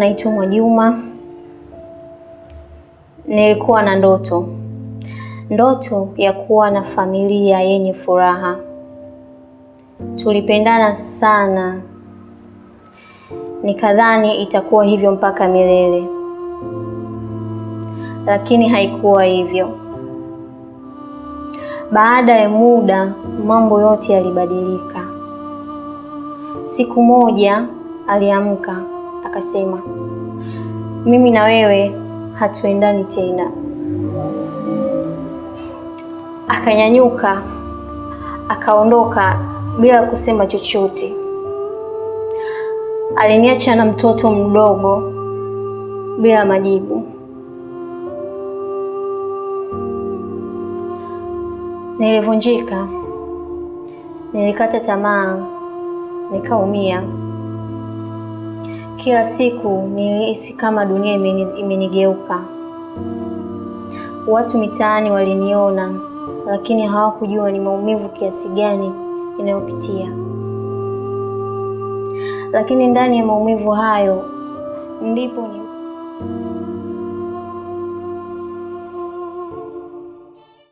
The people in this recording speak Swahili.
Naitwa Mwajuma. Nilikuwa na ndoto, ndoto ya kuwa na familia yenye furaha. Tulipendana sana, nikadhani itakuwa hivyo mpaka milele, lakini haikuwa hivyo. Baada ya muda, mambo yote yalibadilika. Siku moja aliamka akasema, mimi na wewe hatuendani tena. Akanyanyuka akaondoka bila kusema chochote. Aliniacha na mtoto mdogo bila majibu. Nilivunjika, nilikata tamaa, nikaumia. Kila siku nilihisi kama dunia imenigeuka. Watu mitaani waliniona, lakini hawakujua ni maumivu kiasi gani inayopitia. Lakini ndani ya maumivu hayo ndipo ni